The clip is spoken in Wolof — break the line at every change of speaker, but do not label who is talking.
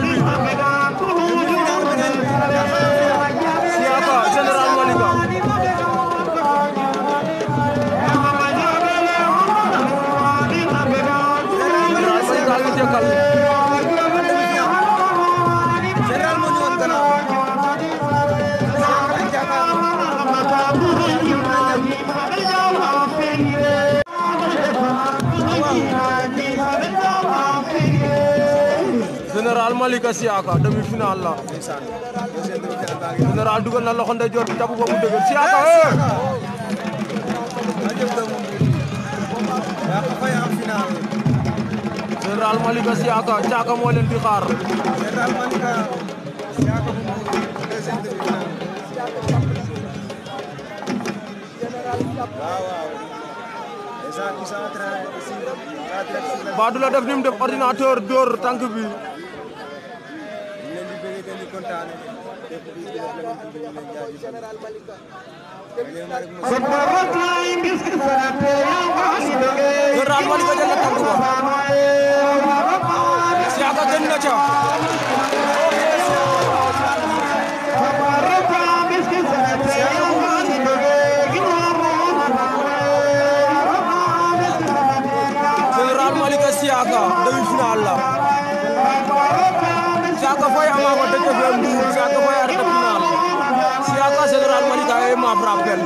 绿律公开。général Malika Siaka demi-finale la général dugal na loxo ndeyjoor bi tabu ba mu dëgër Siaka général Malika Siaka Thiaka moo leen di xaar général Malika Siaka Badou la def ni mu def ordinateur dóor tànk bi General Malik aja letak dua. Siapa kena cak? Siaga, demi final. Akafoy Amama dëkk fi am Ndour si Akafoy a reta final si Aka Général Malika e ma frappel